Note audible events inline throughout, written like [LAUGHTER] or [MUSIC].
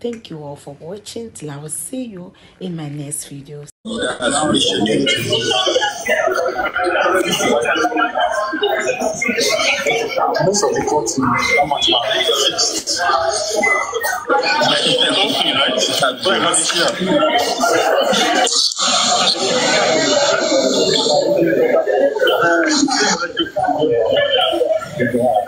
Thank you all for watching. Till I will see you in my next video. Most of the courts right?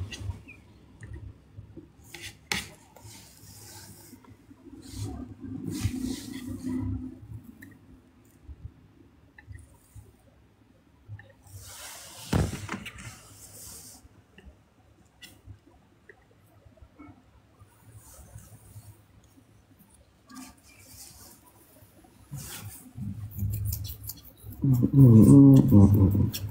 嗯嗯嗯嗯嗯。嗯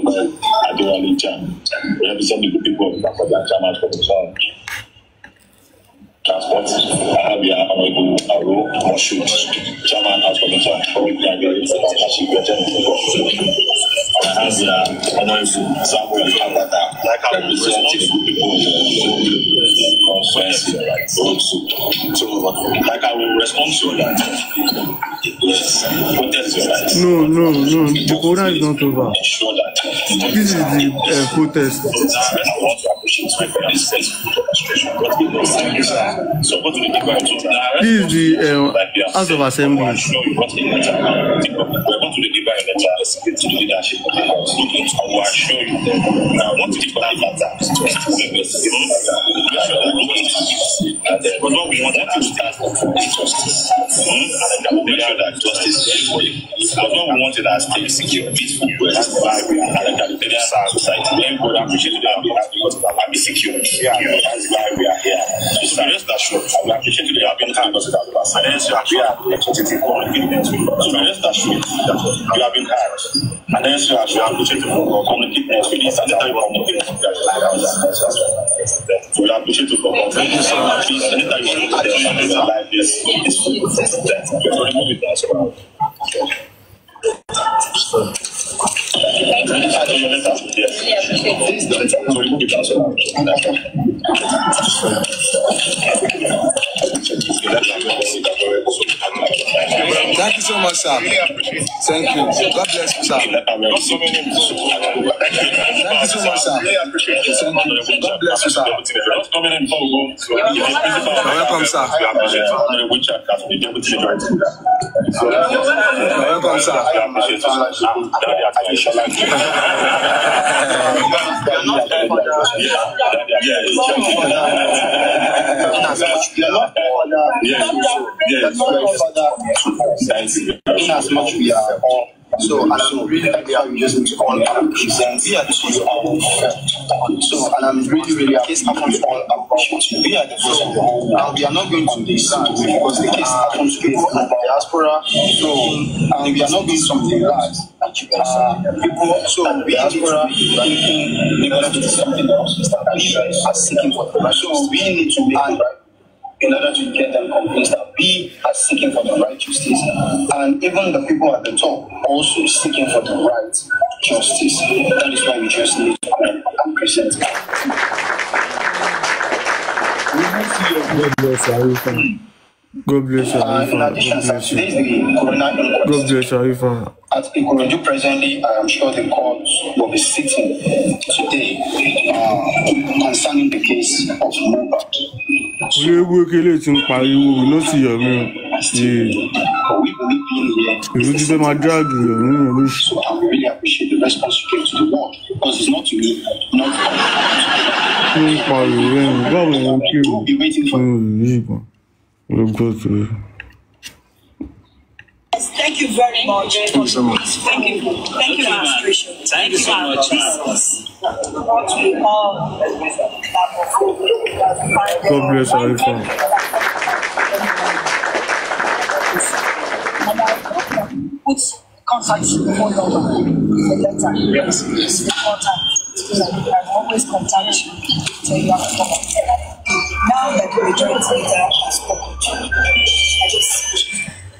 not over. This is the uh, protest. This is the House of Assembly. I will assure you now what is the matter? We will still we shall look into it. And then what we want to understand is justice. Hmm? And then make sure that justice is for you. Because what we want is that stay secure, peaceful US and that the society. Everybody appreciate that we have because I'll be secure. Yeah. You know, that's why we are here. So rest assured, I will appreciate that you have been kind because it has passed. And then you are here. So rest assured that you have been kind. And then so as you have to check the for communicate next week, and anytime you are working next week, we appreciate you for coming. So at least anytime you are like this, it's good. Remove it as well. Thank you so much, sir. Thank you. God bless you, sir. Thank you so much, sir. you. Thank God bless you, sir. You're welcome, sir answer. Yes, yes, yes. So, and I'm really happy I'm using to all applications. We are the ones who So, and I'm really, really happy case happens all applications. We are the ones Now, they are not going to this because the case happens to people in diaspora. So, and we are not doing something large. Uh, people, so we diaspora, thinking, they want to do something else. They are seeking for So, we need to make in order to get them convinced that we are seeking for the right justice. And even the people at the top also seeking for the right justice. That is why we just need to come and present. God bless you, God bless Arifa. In addition, God bless you. God bless you. At Ikorodu presently, I am sure the court will be sitting today uh, concerning the case of Mubad. ewu ekele ti ń pariwo ló sì yọ mí o ìlú ti fẹ́ máa dráàgì rẹ̀ nínú ìlú. ń pariwo rẹ̀ báwo ni wọ́n kí o. olùgbọ́ tó rẹ̀ you very much. Thank you so much. Thank you. Thank you, Master. Thank you so much, God bless our reform. And I hope that put contact phone number in the letter. Yes, yes. The contact. Because I can always contact you so you have to come up. Now that the majority leader has spoken to you, I just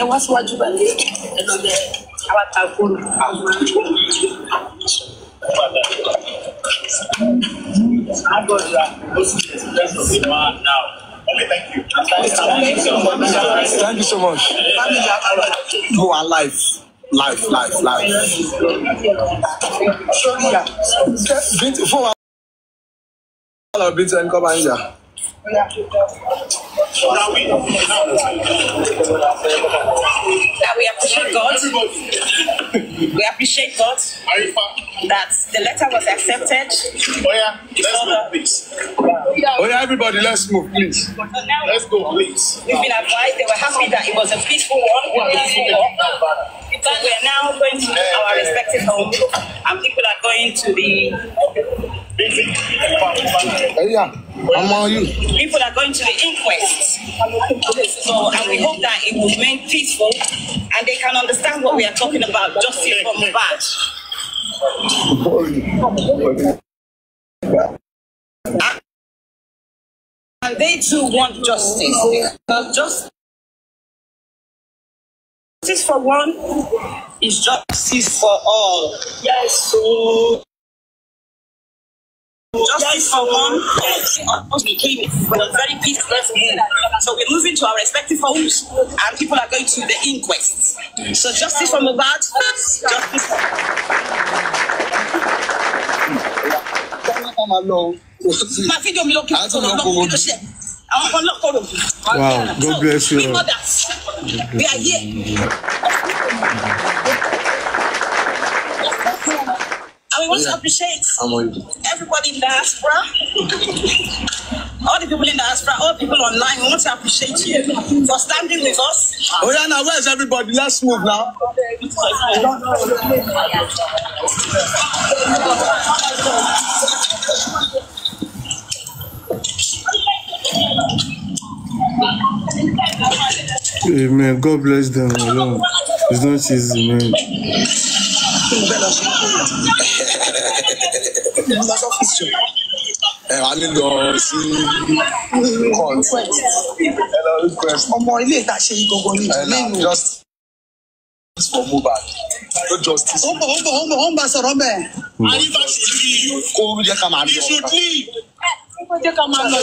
ẹ wá síwájú balẹ̀ ẹ lọ bẹ àwa ta fóònù. Thank you. so much. Thank you so are live. Life, life, life. Fún wa, bí ti ẹni kọ́ bá ń That we, that we appreciate God. we appreciate God that the letter was accepted. Oh yeah, let's move, please. Oh yeah, everybody, let's move, please. let's go, please. We've been advised. They were happy that it was a peaceful one. Peaceful one. So we are now going to our respective homes, and people are going to the Hey, yeah. I'm on you. People are going to the inquest. So, and we hope that it will remain peaceful and they can understand what we are talking about just here from the back. And they too want justice. Because justice justice for one is justice for all. Yes. So Justice for one almost became with a very peaceful move. Mm. So we're moving to our respective homes and people are going to the inquest. So justice for Mubad, justice for Wow, God bless you. we are here. And we want yeah. to appreciate everybody in diaspora, all the people in diaspora, all people online. We want to appreciate you for standing with us. Oh yeah, now where's everybody? Let's move now. Amen. God bless them alone. It's not easy, man kí mo fẹ́ lọ ṣe. mo sọ fún ìṣòro ẹ wá ní lọ sí ọmọ ilé ìta ṣe gbogbo ní ìlú for Mohbad no justice. ó ń bọ̀ ó ń bọ̀ ó ń bọ̀ sọ̀rọ̀ bẹ́ẹ̀. kó jẹ́ ká máa lọ jẹ́ ká máa lọ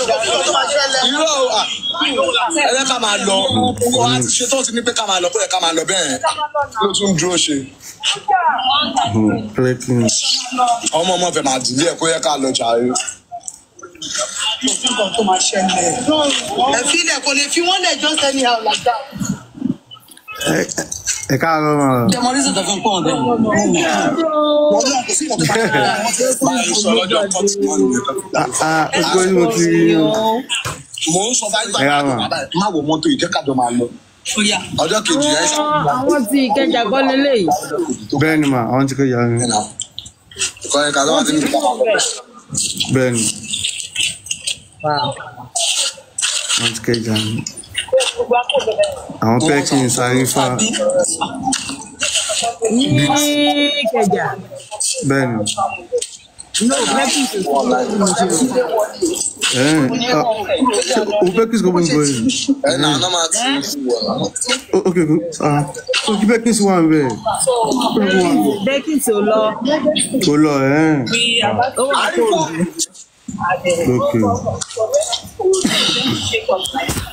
irọ́ ẹ̀rẹ́ ká máa lọ ọkọ̀ àti ṣe tó ti ní pé ká máa lọ bóyá ká máa lọ bẹ́ẹ̀ ló tún dúró ṣe. ọmọ ọmọ fẹ́ máa dìlé ẹ̀ kó yẹ ká lọ jàre. ẹ fi ilẹ̀ kò lè fi wọ́n lẹ̀ jọ́sẹ̀ ní àwọn làjà ẹ káàárọ̀ mọ. jẹmọlísì tó fi ń pọ̀ ọ̀dọ́. wọn náà kò sí ìmọ̀ tó bá yẹ wọn fẹ́ fún ìṣọ̀ lọ́jọ́ kọ́ọ̀tù wọn nìyẹn. gbogbo ni mo ti rí o. mo ń sọ báyìí bàbá ẹ má wọ mọ́tò ìjẹ́kàjọ máa lọ. ọjọ́ kejì ẹ ṣe. Ah, àwọn ti ìkẹjà gbọ́ lélẹ̀ yìí. bẹ́ẹ̀ ni mà àwọn ti kẹjà mi. bẹ́ẹ̀ ni. àwọn ti kẹjà mi àwọn fẹ́ kí n sáré fa. ní kẹjà. bẹ́ẹ̀ni. Ah, o fẹ́ kí n sọ fún mi bọ́ọ̀lù. Ok ok ah, o kí Bekins wà ń bẹ̀. Bekins ò lọ. Kò lọ ẹ̀. Ó wà tó o. Ok. [LAUGHS]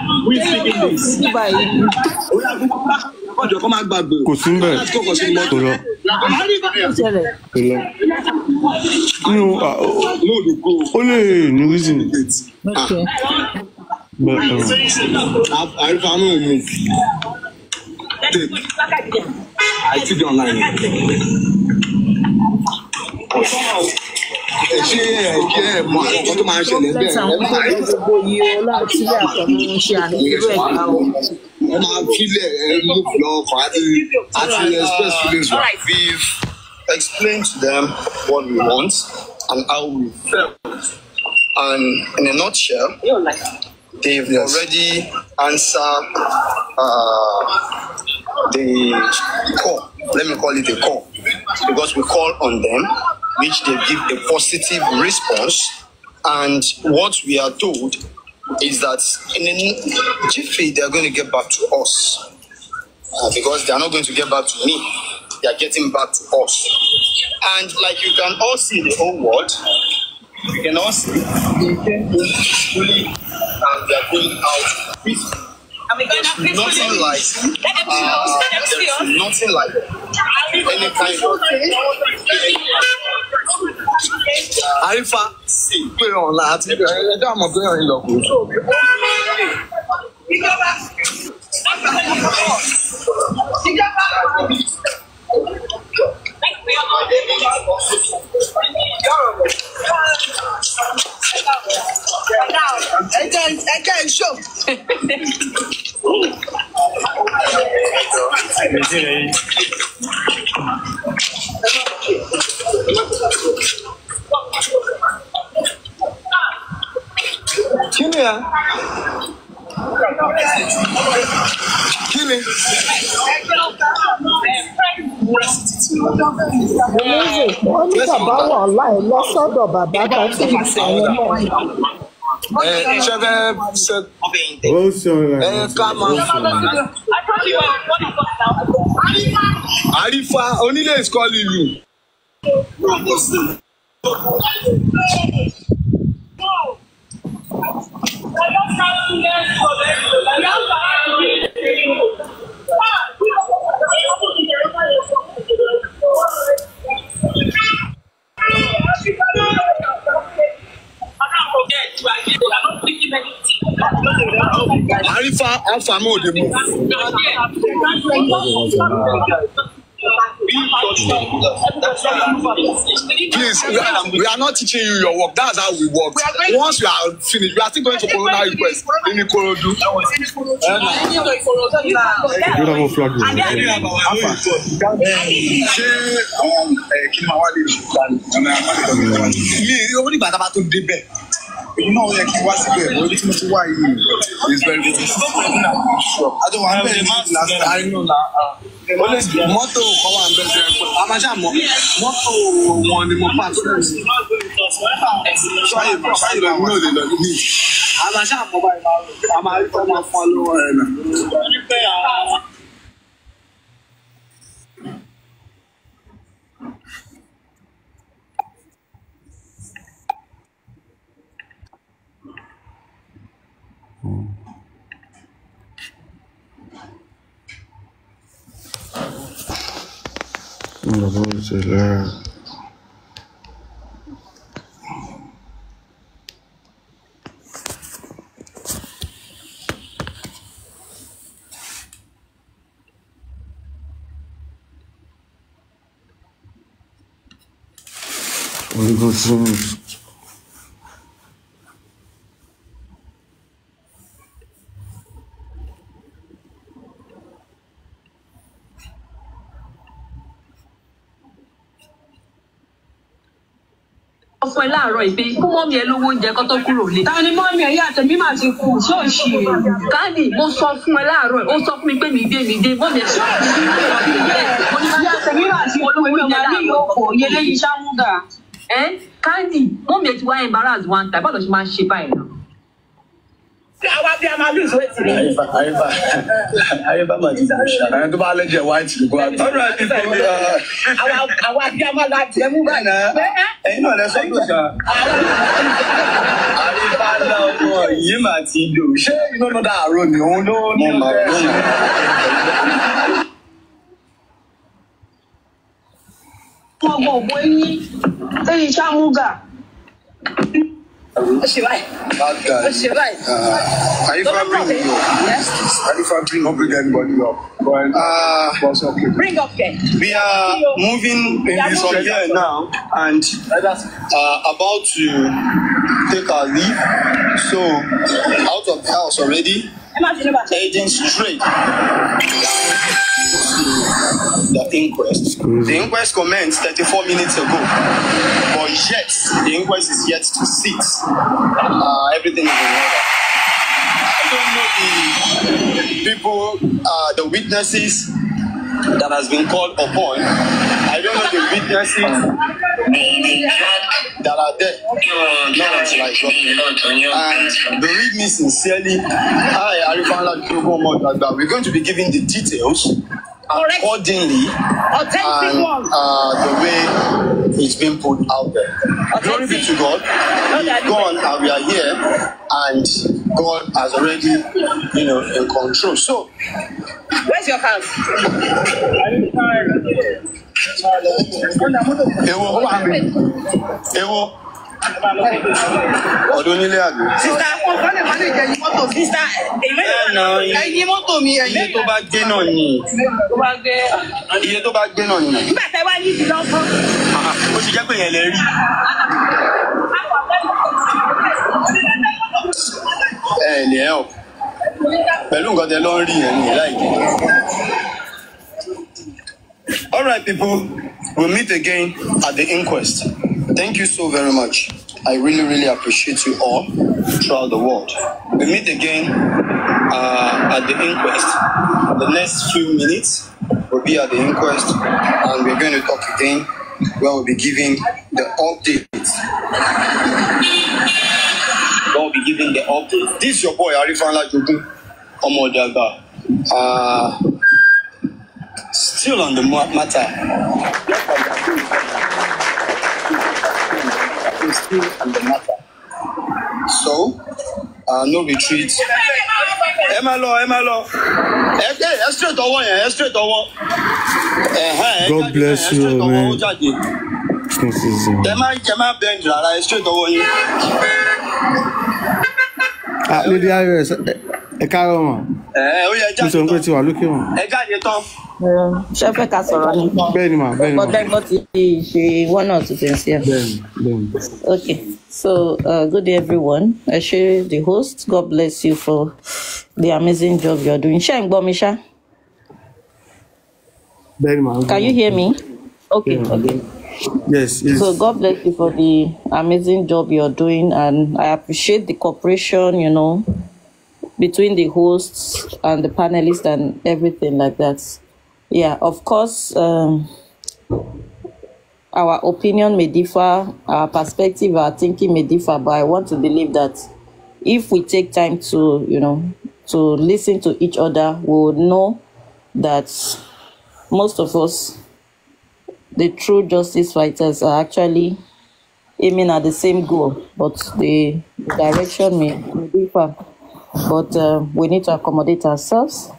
we speak english. ọjọ́ kọ́ máa gbàgbé. kò sí mbẹ́ kò lọ. kò lọ. nínú ó lè ní reason. But, um, I, I ẹ ṣe mọ àwọn tó máa ń ṣẹlẹ̀ bẹ́ẹ̀ ẹ máa ń gbogbo iye ọlá tí àtọmọ ń ṣe àníkúrò ẹ̀ka o. ẹ máa filẹ̀ ẹ mú lọ ọkọ̀ àti àti express feelings wa. we've explained to them what we want and how we felt and in a nutshell they've yes. already answered uh, the call let me call it the call because we call on them which they give a positive response. And what we are told is that in Jiffy, they're going to get back to us uh, because they're not going to get back to me. They're getting back to us. And like you can all see the whole world, you can all see they and they're going out peacefully. And Nothing like, uh, there's nothing like any kind of àrífà sì pé ọ̀hún là àti ẹ̀dá àmọ̀ pé ọ̀hún lọ kù. ìjọba ìjọba ẹjẹ iṣọ. Thank you. àbúlóòzè wọn ní bàbá wà láì lọ́sọ̀dọ̀ bàbá bá tí ì sàyẹn náà. Ẹ ṣe fẹ́ ṣe eh, ó sọ̀rọ̀ ẹ ká máa sọ̀rọ̀. Àrífà onílé is calling Alpha mo dey move. Please, we are, we are not teaching you your work. That's how we work. Once you are finished, you are still going to Corona request in Ikorodu. Beautiful flag. Eh, Mi ò ní bàtà bá tó débẹ̀. Èyí náà yẹ kí n wá síbẹ̀, orí tí mo ti wá yìí is very good. Àjọ wà ń bẹ̀rẹ̀ ní last time. Uh, mọ́tò kan wà ń bẹ̀rẹ̀ pẹ̀lú. Àmàṣà mọ́ mọ́tò wọn ni mo pa tó dẹ̀ sí. Ṣọ́yè bá ṣọ́yè bá mi ò lè lọ ní. Àmàṣà mọ́ báyìí. Àmàṣà mọ́ fún ọ lọ́wọ́ rẹ̀ náà. lá Vamos olhar. Vamos láàárọ̀ yìí pé kú mọ́mí ẹ lówó oúnjẹ kó tó kúrò lé. ta ni mọ́mí ẹ̀yà àtẹ̀mí mà ti kú ṣóòṣì. káàdì mo sọ fún ẹ láàárọ̀ ó sọ fún mi pé mi dé mi dé mọ́mí ẹ ṣóòṣì. ìyá àtẹ̀mí mà ti olówó oúnjẹ àlẹ́ òkò yẹlé iṣẹ́ múgà. ẹ káàdì mọ́mí ẹ ti wá embarrass one time báwo ló ṣe máa ń ṣe báyìí náà àwọn tó bá lẹ́jẹ̀ white ló kó àgbà. ọ̀rọ̀ àti tẹ̀lé àwa àti àmàlà àti ẹ̀mú báyìí ẹ̀yin náà lẹ́sọ̀ ló ṣá. àríbálá ọmọ yìí mà ti lò ṣé iná ló dá àrò ni òun ló ní ọ̀rẹ́ ọmọ ọ̀gbọ́n yín ẹ̀yin ṣáà ń gà ó ṣe báyìí ó ṣe báyìí. àyífà uh, bring you up àyífà bring you bring anybody up. Uh, bring up there. we are moving in this from here now and uh, about to take our leave so out of the house already. Agents, Stray. The inquest. The inquest commenced 34 minutes ago, but yet the inquest is yet to sit. Uh, everything is in order. I don't know the people, uh, the witnesses, that has been called upon. I don't know the witnesses that are there. Not like And believe me sincerely, I, Arifanla Kyogo we're going to be giving the details accordingly and uh, the way it's been put out there. Glory be to God. We've gone and we are here, and God has already, you know, in control. So Where's your house? Èwo ó Ọdún nílé àgbẹ̀. Sista kọ́lé máa lè jẹ ẹyin mọ́tò sista ẹyin mọ́tò mi ẹyin. Iye tó bá gbé náà ni. Iye tó bá gbé náà ni. Nígbà tẹ wá yìí lọ́kọ́. Ó ti jẹ́ pé yẹn lè rí. Ẹ ẹ̀ lè ẹ̀ ọ̀. pẹ̀lú nǹkan tẹ lọ rí yẹn All right, people, we meet again at the inquest. Thank you so very much. I really, really appreciate you all throughout the world. We meet again uh, at the inquest. The next few minutes will be at the inquest, and we're going to talk again where we'll be giving the updates. be giving the update. This your boy Arifanla Jogun. Ọmọ Uh, still on the matter. Still on the matter. So, uh, no retreat. Ẹ máa lọ, ẹ máa straight over yẹn, straight over. God bless you, man. come on, bend rárá, ẹ straight over yẹn. Ah, lédi ios ẹ káàárọ̀ wọn nítorí pé ti wà lókè wọn. ẹ jáde tán. ṣé fẹ́ ká sọ̀rọ̀ ni. bẹ́ẹ̀ni ma bẹ́ẹ̀ni ma ọgbẹ́ gbọ́ ti ṣe one or two things here. bẹ́ẹ̀ni bẹ́ẹ̀ni. okay so uh, good day everyone ẹ ṣe the host god bless you for the amazing job you are doing ṣé ń gbọ́ mi ṣá. bẹ́ẹ̀ni ma. can you hear me? okay okay. Yes, yes. So God bless you for the amazing job you're doing, and I appreciate the cooperation, you know, between the hosts and the panelists and everything like that. Yeah, of course, um, our opinion may differ, our perspective, our thinking may differ, but I want to believe that if we take time to, you know, to listen to each other, we will know that most of us the true justice fighters are actually aiming at the same goal, but the, direction may, differ. But uh, we need to accommodate ourselves.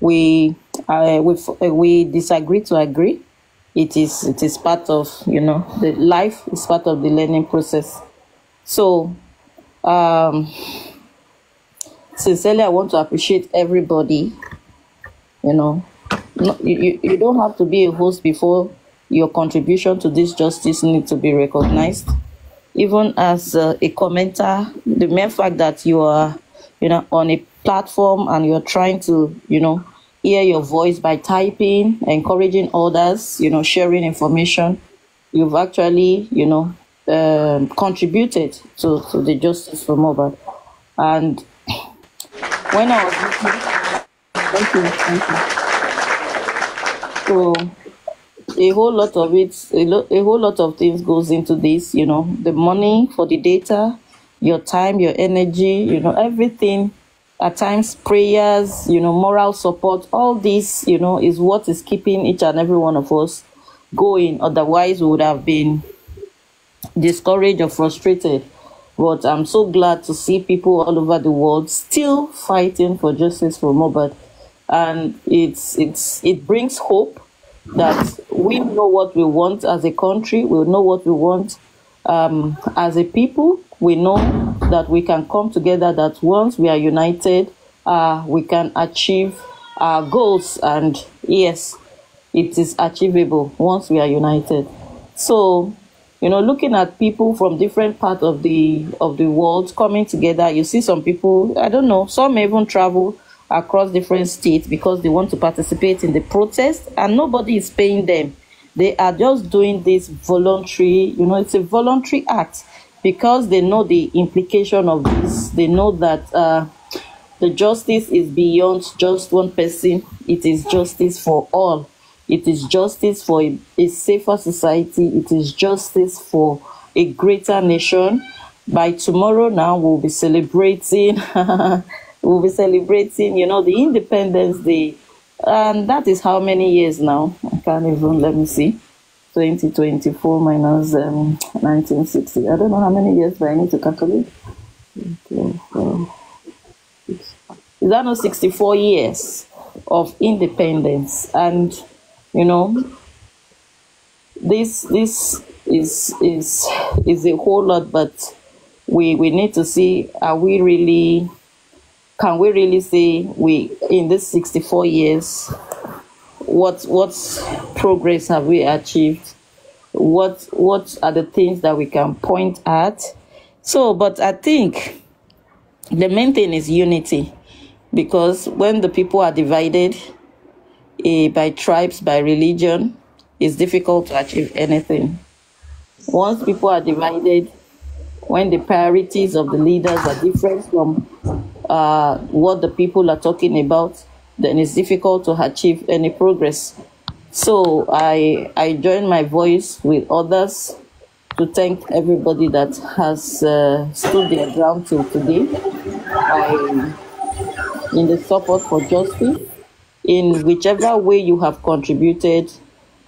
We uh, we uh, we disagree to agree. It is it is part of you know the life is part of the learning process. So, um, sincerely, I want to appreciate everybody. You know, no, you, you don't have to be a host before your contribution to this justice needs to be recognized. Even as uh, a commenter, the mere fact that you are, you know, on a platform and you're trying to, you know, hear your voice by typing, encouraging others, you know, sharing information, you've actually, you know, um, contributed to, to the justice for Mobile. And when I was thank you, thank you. So a whole lot of it, a, lo- a whole lot of things goes into this. You know, the money for the data, your time, your energy, you know, everything. At times, prayers, you know, moral support, all this, you know, is what is keeping each and every one of us going. Otherwise, we would have been discouraged or frustrated. But I'm so glad to see people all over the world still fighting for justice for Mobut, And it's, it's, it brings hope that we know what we want as a country, we know what we want um, as a people. We know that we can come together, that once we are united, uh, we can achieve our goals. And yes, it is achievable once we are united. So, you know, looking at people from different parts of the of the world coming together, you see some people. I don't know. Some even travel across different states because they want to participate in the protest and nobody is paying them. They are just doing this voluntary, you know, it's a voluntary act because they know the implication of this. They know that uh, the justice is beyond just one person, it is justice for all. It is justice for a, a safer society. It is justice for a greater nation. By tomorrow, now we'll be celebrating [LAUGHS] We'll be celebrating, you know, the Independence Day. And that is how many years now? I can't even, let me see. 2024 minus, um, 1960. I don't know how many years, but I need to calculate. Is that not 64 years of independence? And, you know, this this is is is a whole lot but we we need to see are we really can we really say we in this 64 years what what progress have we achieved what what are the things that we can point at so but i think the main thing is unity because when the people are divided eh, by tribes by religion it's difficult to achieve anything once people are divided when the priorities of the leaders are different from uh, what the people are talking about, then it's difficult to achieve any progress. So I, I join my voice with others to thank everybody that has uh, stood their ground till today I, in the support for justice. In whichever way you have contributed,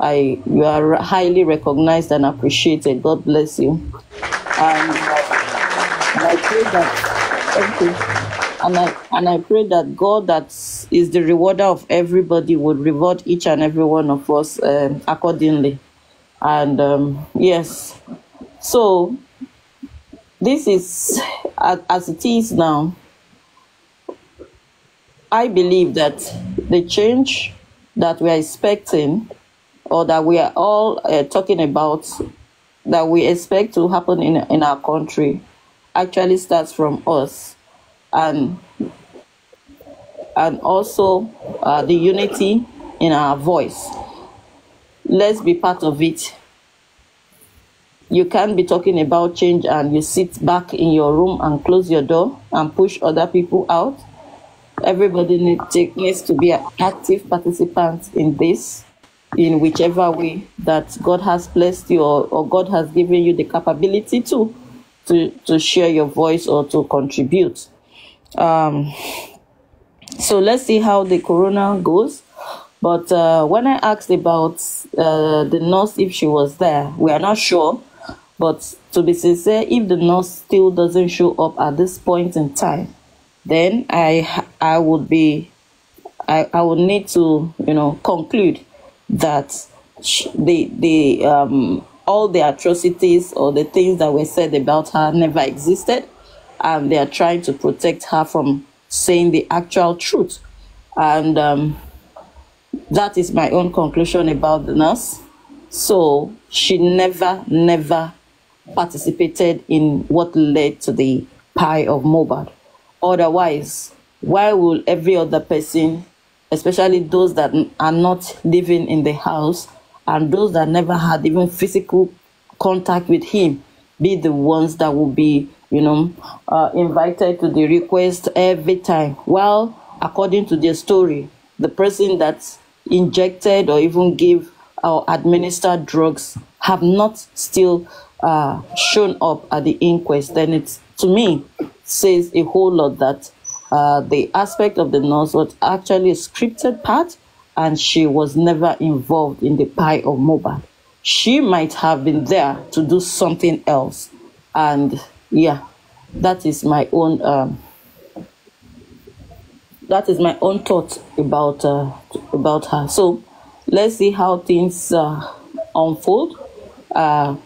I, you are highly recognized and appreciated. God bless you. And uh, I pray that you. And I, and I pray that God, that is the rewarder of everybody, would reward each and every one of us um, accordingly. And um, yes, so this is as, it is now. I believe that the change that we are expecting, or that we are all uh, talking about, that we expect to happen in, in our country, actually starts from us and and also uh, the unity in our voice. Let's be part of it. You can't be talking about change and you sit back in your room and close your door and push other people out. Everybody need, needs to be an active participant in this, in whichever way that God has blessed you or, or God has given you the capability to, to, to share your voice or to contribute. Um, so let's see how the corona goes. But uh, when I asked about uh, the nurse if she was there, we are not sure. But to be sincere, if the nurse still doesn't show up at this point in time, then I I would be I, I would need to you know conclude that the the um all the atrocities or the things that were said about her never existed and um, they are trying to protect her from saying the actual truth. And um, that is my own conclusion about the nurse. So she never, never participated in what led to the pie of Mobad. Otherwise, why will every other person, especially those that are not living in the house and those that never had even physical contact with him, be the ones that will be you know, uh, invited to the request every time. Well, according to their story, the person that injected or even gave or administered drugs have not still uh, shown up at the inquest. Then it, to me, says a whole lot that uh, the aspect of the nurse was actually a scripted part and she was never involved in the pie of mobile. She might have been there to do something else and yeah that is my own um, that is my own thought about uh, about her so let's see how things uh, unfold uh,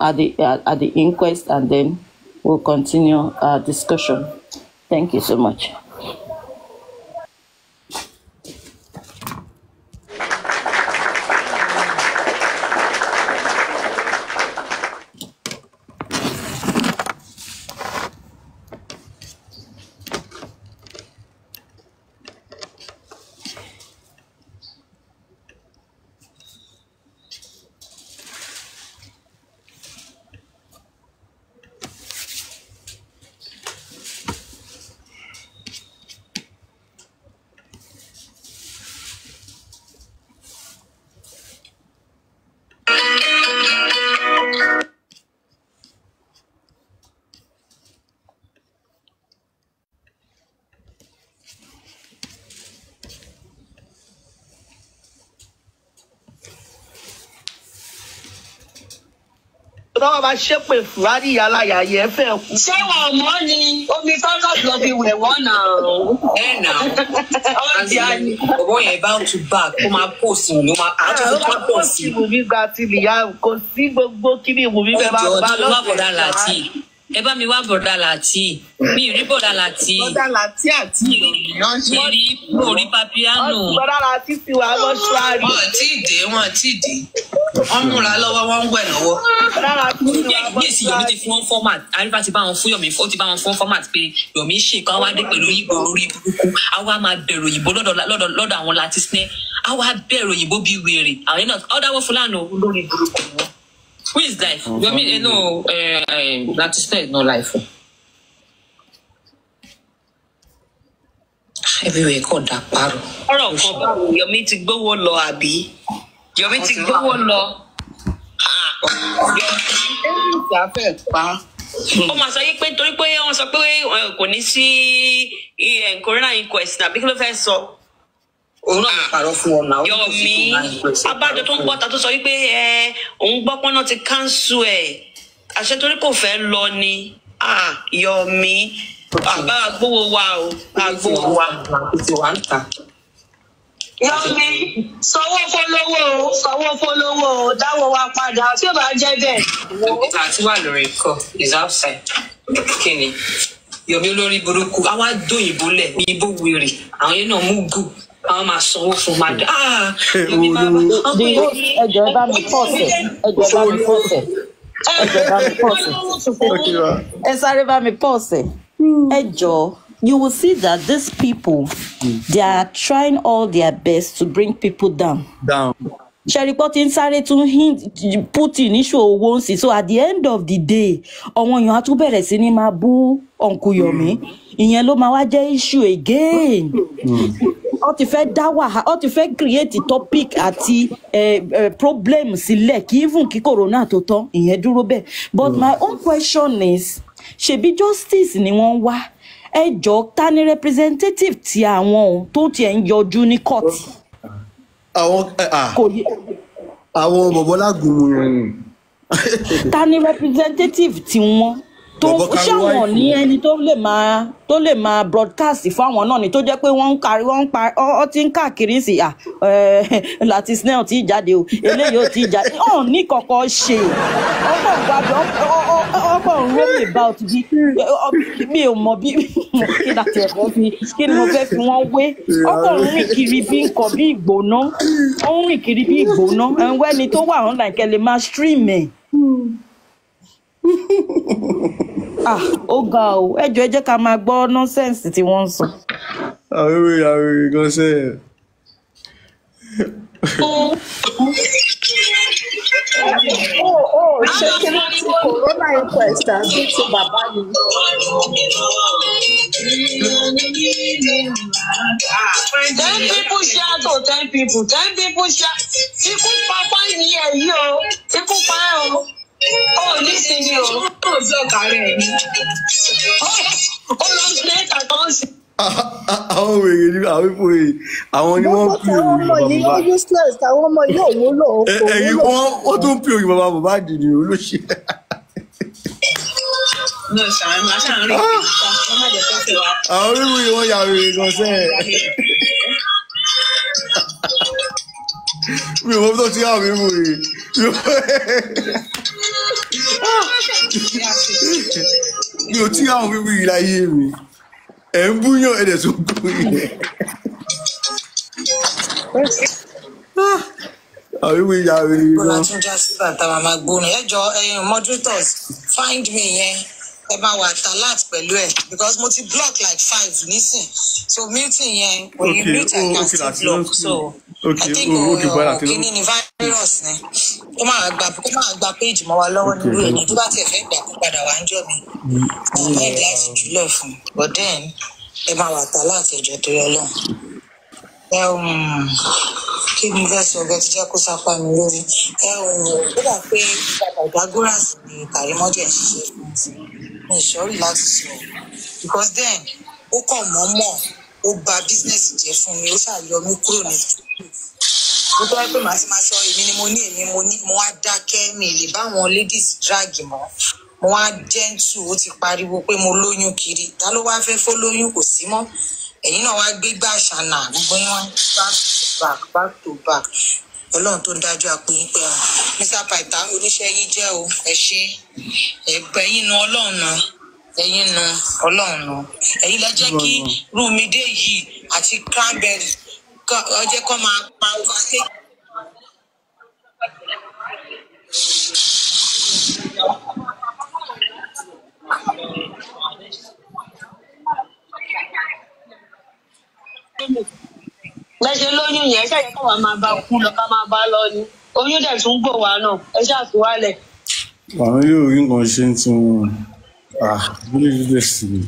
at the at the inquest and then we'll continue our discussion thank you so much tọ́wọ́ bá ṣépè fúrárì aláyà yẹn fẹ́ kú. ṣé wọn mọ ni omi tọ́lọ̀ lọ fi wẹ̀ wọ́n náà. ẹ nà ọ̀rọ̀ yẹn bound to back kó máa pò sí i ló máa á tó fi pò sí i. ìwúmi gba ti nìyá kò sí gbogbo kí ni ìwúmi fẹ́ bá bá lọ́sẹ̀ ẹ bá mi wá bọ̀dà làtì mi rí bọ̀dà làtì bọ̀dà làtì àti ìròyìn rí orí papiano. bọ̀dà làtì ti wọ́n múra lọ́wọ́ wọ́n ń wẹ̀ lọ́wọ́ yéèsì yomi ti fún wọn format ti bá wọn fún yomi ó ti bá wọn fún format pé yomi ṣe ìkan wá dé ìbò lórí burúkú àwa máa bẹ̀rù òyìnbó lọ́dọ̀ àwọn láti sinẹ́ àwa bẹ̀rù òyìnbó bí wèrè àwọn yẹn náà ọ̀dáwọ́ lórí burúkú wọn who is life yomi inú láti sinẹ́ no eh, eh, life. everywhere kò dà parọ́. ọ̀rọ̀ kan báwo yomi ti gbówó lọ àbí. Yomi ti gbówó lọ. Ah. Ó máa sọ yí pé torí pé wọ́n sọ pé eh, kò ní sí eh, corona inquest àbí kí ló fẹ́ sọ. Òun náà pàrọ̀ fún ọ̀nà. Yomi abájọ tó ń gbọ́ta tó eh, òun gbọ́ pọ́nà ti káńsù ẹ̀ àṣẹ torí kò fẹ́ lọ ni ah, Yomi àbá àgbówó wa o àgbówó wa yọmi sanwó fọlọ́wọ́ o sanwó fọlọ́wọ́ o dáwọ́ wa padà tí ó bá jẹ́ bẹ́ẹ̀. dókítà àti wà lórí ikọ is outside kí ni yọmi olórí burúkú àwa dóyìnbó lẹ òyìnbó wèrè àwọn yẹn náà mú gù àwọn máa sanwó fún ma dá. ẹjọ ah, ẹ bá mi pọ̀sẹ̀ ẹjọ ẹ bá mi pọ̀sẹ̀ ẹjọ ẹ bá mi pọ̀sẹ̀ ẹ sáré bá mi pọ̀sẹ̀ ẹjọ you will see that these people hmm. they are trying all their best to bring people down. down. ṣẹ̀rípọ́ ti ń sáré tún Putin níṣò owó ń sì so at the end of the day àwọn èèyàn á tún bẹ̀rẹ̀ sí ní máa bú ọ̀nkù Yomi hmm. ìyẹn ló máa wá jẹ́ issue again ó hmm. ti fẹ́ dá wàhálà ó ti fẹ́ create topic àti eh, problem sílẹ̀ kí even kí corona tó tán ìyẹn dúró bẹ́ẹ̀ but my own question is ṣebí justice ni wọ́n ń wá ẹ jọ ta ni representative ti àwọn ohun tó tiẹ̀ ń yọjú ní kọ́ọ̀tì. àwọn àwọn bọ̀bọ́lá gùn mú wọn ni. ta ni representative ti wọn tó ṣàwọn ní ẹni tó lè máa tó lè máa broadcast fáwọn náà ni tó jẹ́ pé wọ́n ń kárí wọ́n ń pa ọ ti ń káàkiri sí à [LAUGHS] láti snail tí jáde o eléyìí ò tí jáde ọ ní kọ̀kọ́ ṣe ọkọ̀ gbàgbé ọkọ̀ rẹ́lẹ̀ about bí mi ò mọ̀ bí [LAUGHS] kí ni àti ẹ̀fọ́ fi kí ni mo fẹ́ fi wọ́n wé ọkọ̀ rìn kiri bí nǹkan bí ìgbóná ó ń rìn kiri bí ìgbóná ẹ̀wẹ́ni tó wà online kẹ́ lè máa stream ẹ̀. Hmm. [LAUGHS] Ah, ó ga o ẹjọ́ ẹ jẹ́ ká máa gbọ́ nọ́nsẹ̀nsì tí wọ́n ń sọ. àwẹ̀wẹ̀ àwẹ̀wẹ̀ gan sẹ́ ẹ̀. ó ó ṣé corona inquest ten people share to ten people ten people share ikú pa pa yìí ẹ̀ yìí o ikú pa ẹ̀ o ó ní sinmi o ó ń sọ kárẹ̀ ni ó lọ sí ẹ̀ka tó ń sìn. àwọn wèrè ni àwọn ìfò yìí àwọn ni wọ́n pè òyìn bàbá bàbá àwọn ọmọ yóò wúlò ọkọ ẹ̀yìn wọ́n tún pè òyìn bàbá bàbá àdìní olóṣèlú àwọn oríwú yìí wọ́n yà wèrè gan sẹ́ ẹ̀ mi ò mọ̀ bí tó ti yà wèrè wèrè. mi ò tí àwọn bíbí yìí láyé mi ẹ̀ ń búyàn ẹ̀ dẹ̀ tó ń bú yẹn. àwọn bíbí yà wí. bọ́lá tún já sí bàtà màmá gbóná ẹjọ́ ẹ̀yin moderators find me yẹn ẹ máa wà alert pẹ̀lú ẹ̀ because mo ti block like five nísìn so muting yẹn when you mute I oh, can still block so okay. I think oh, kìíní uh, ni virus ni kó máa gba kó máa gba page mọ́ wa lọ́wọ́ nínú èyí tó bá tiẹ̀ fẹ́ gbà kó padà wá ń jọ mi ọmọ ẹ̀ láti jùlọ fún but then ẹ máa wà alert ẹ̀jọ̀ tó yọ lọ́hùn um, kí ni fẹ́ sọ bẹ́ẹ̀ ti jẹ́ kó sápá mi lórí ẹ um, ò ó dà pé ìgbà gbàgbàgbúrà sí ni kàrímọ́jẹ̀ ń ṣiṣẹ́ fún ti mi ìṣọ́rí láti sọ because then ó kàn mọ́ mọ́ ó ba business jẹ́ fún mi ó ṣàyọ mí kúrò ní mo tọ́ pé màá ti máa sọ èmi ni mo ní èmi mo ní mo wá dákẹ́ mi lè bá àwọn ladies drag mọ́ mo wá gentle ó ti pariwo pé mo lóyún kiri ta ló wáá fẹ́ fó lóyún kò sí mọ́ ẹ̀yin náà wáá gbé gbà ṣànà gbogbo yín wá back to back back to back ọlọ́run tó dájú àpò yín pé àwọn mr paita oníṣẹ́ yìí jẹ́ o ẹ ṣe ẹ̀pẹ́ yín nu ọlọ́run náà ẹ̀yin nu ọlọ́run náà ẹ̀yin lẹ jẹ́ kí rúmídé yìí àti cranberry ọjẹ́ kọ́ máa pa overtake. lẹ́sẹ̀ lóyún yẹn ṣẹ̀yẹ́ kọ́ wa máa bá kú lọ ká máa bá lọ ni oyún dẹ̀ tún gbò wá náà ẹ ṣáà fi wálẹ̀. àwọn yóò rí nǹkan ṣe ń tún wọn àbúrò yìí lè sí i.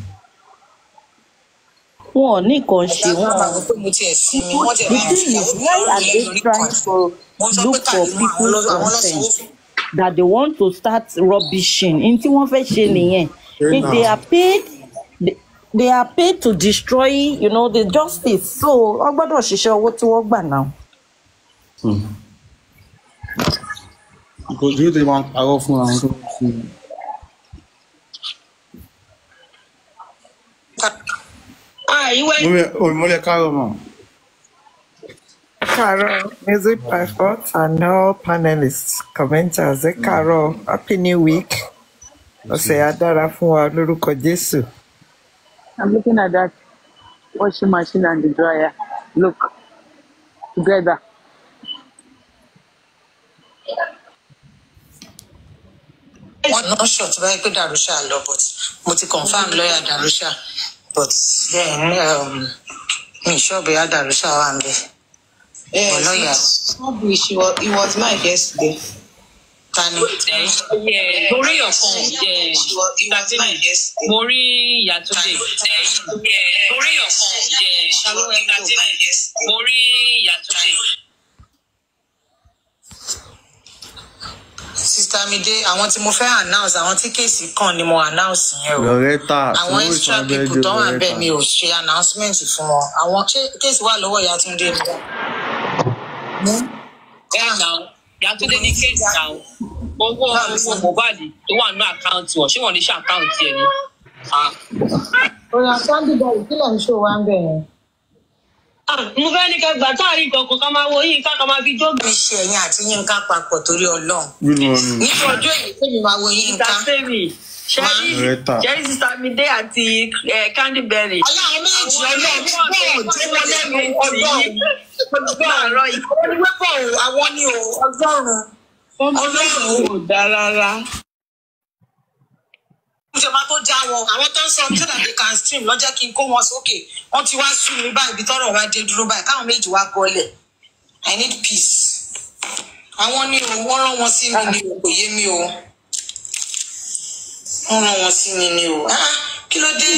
wọn ò ní nǹkan ṣe wọn. are trying to look for people's consent that they want to start rubbishing n tí wọ́n fẹ́ ṣe nìyẹn if they are paid they, they are paid to destroy you know the justice so wọ́n gbọ́dọ̀ ṣiṣẹ́ owó tí wọ́n gbà náà. mm ìkòjú tẹ máa parọ́ fún àwọn tó ń fún un. Mọ̀lẹ́ káàárọ̀ mọ̀. Káàárọ̀ music by fourth and all panelists commenters ẹ káàárọ̀ happy new week ọ̀sẹ̀ á dára fún wa lórúkọ Jésù. I'm looking at that washing machine and the dryer look together. wọn náà ṣọ tí báyìí pé darusha lọ but mo ti confam mm. lọ́yà darusha but then um, mi ṣọ́ọ̀bù yà darusha wà ń bẹ. lọ́yà. ṣọ́ọ̀bù ìṣìwọ̀ it was my yesterday. tani. mo rí ọ̀kan mo rí ìyá tó dé. mo rí ọ̀kan mo rí ìyá tó dé. Mr. Mide àwọn tí mo fẹ́ announce àwọn tí kéèsì kan ni mo announce yẹn o àwọn extra people tó wà bẹ́ẹ̀ mi ò ṣe announcement fún wọn àwọn kéèsì wà lọ́wọ́ Yàtúndé ni. bẹ́ẹ̀ náà Yàtúndé ní kéèsì náà owó owó Mohbad tó wà ní àkáǹtì wọn ṣé wọn ní ṣe àkáǹtì ẹ ni. ọ̀rọ̀ àkáǹtì bá ìpínlẹ̀ ń ṣòwò à ń bẹ̀rẹ̀. Ah, mo fẹ́ ní kẹgbà káàrí kankan ká máa wo yínká ká máa fi jóògbé. mi ṣe ẹyin àti yínká papọ̀ torí ọlọ́run nípa ọjọ́ èyí tèmi máa wo yínká. ṣẹ́rí sísá mi dé àti candy berry. aláàmì ìjì ọlọ́run tí ìjọba tó já wọn àwọn tó ń sọ so that they can stream lọ́jọ́ kí n kó wọn sókè wọ́n ti wá sùn mí báyìí ibi tọ́rọ̀ wá dé dúró báyìí káwọn méjì wá gọlẹ̀ i need peace àwọn ní o wọ́n rán wọn sí mi ní o kò yé mi o wọ́n rán wọn sí mi ní o ah, kí ló dé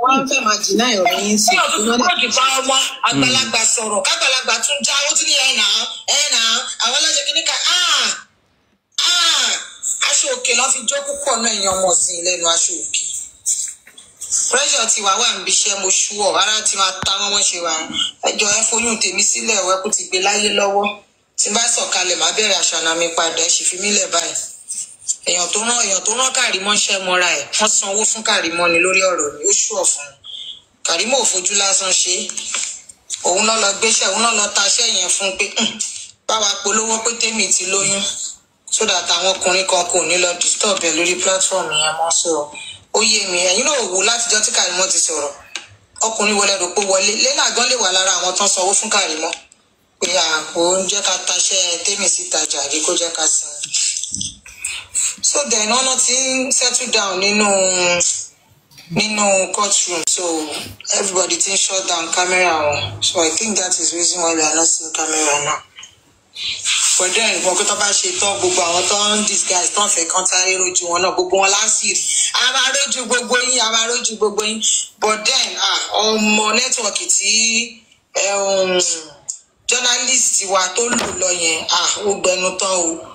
wọ́n ń fẹ́ máa jìnnà ìrọ̀ yín sí i. ọ̀dọ́ tó kọ́ọ̀dù bá ọmọ àgbàlagbà sọ̀rọ̀ kágbàlagbà tún já ó tún ní ẹ̀ nà ẹ̀ nà àwọn ọlọ́jọ́ kìíní ká aṣọ òkè lọ́ fi jókòó pọ̀ náà èèyàn mọ̀ sí lẹ́nu aṣọ òkè pressure ti wà wà níbi iṣẹ́ mo ṣú ọ̀ ara ti máa ta mọ́mọ́ ṣe wà ẹjọ́ ẹ foyún tèmi sílẹ̀ ẹ̀wẹ́ kó ti gbé láyé lọ́wọ́ tí bá sọ̀kalẹ̀ má bẹ̀rẹ̀ àṣànà mi padà ẹ̀ sì fi mílẹ̀ báyìí èèyàn tó rán èèyàn tó rán kàrímọ́ ṣẹ́ mọ́ra ẹ̀ wọ́n sanwó fún kàrímọ́ ni lórí ọ̀rọ̀ mi ó ṣú ọ̀fun kàrímọ́ ò fojú lásán ṣe òun náà lọ gbéṣẹ́ òun náà lọ taṣẹ́ yẹn fún pé báwa polówó pé tèmi ti lóyún so that àwọn ọkùnrin kan kò ní lọ disturb ẹ lórí platform yẹn mọ́ so ó yé mi ẹ̀yin náà wò látijọ́ tí Karimo ti sọ̀rọ̀ ọkùnrin wọlé rò pé wọlé lẹ́nà àgán lè wà lára àwọn tán sanwó fún Karimo pé àpò ń jẹ́ ká taṣẹ́ tèmi síta jàre kó jẹ́ ká sin so then ọ̀nà ti ń settle down nínú nínú courtroom so everybody ti ń shut down camera wọn so I think that is reason why we are not seeing camera now fọdẹ nǹkan kó tó bá ṣe tán gbogbo àwọn tó ń disguise tó ń fẹ́ kán sáré rojú wọn náà gbogbo wọn láti rí a máa rojú gbogbo yín a máa rojú gbogbo yín but then ọmọ nẹ́tíwọ̀kì tí um, journalist wa tó lò lọ yẹn ó gbẹnu tán o.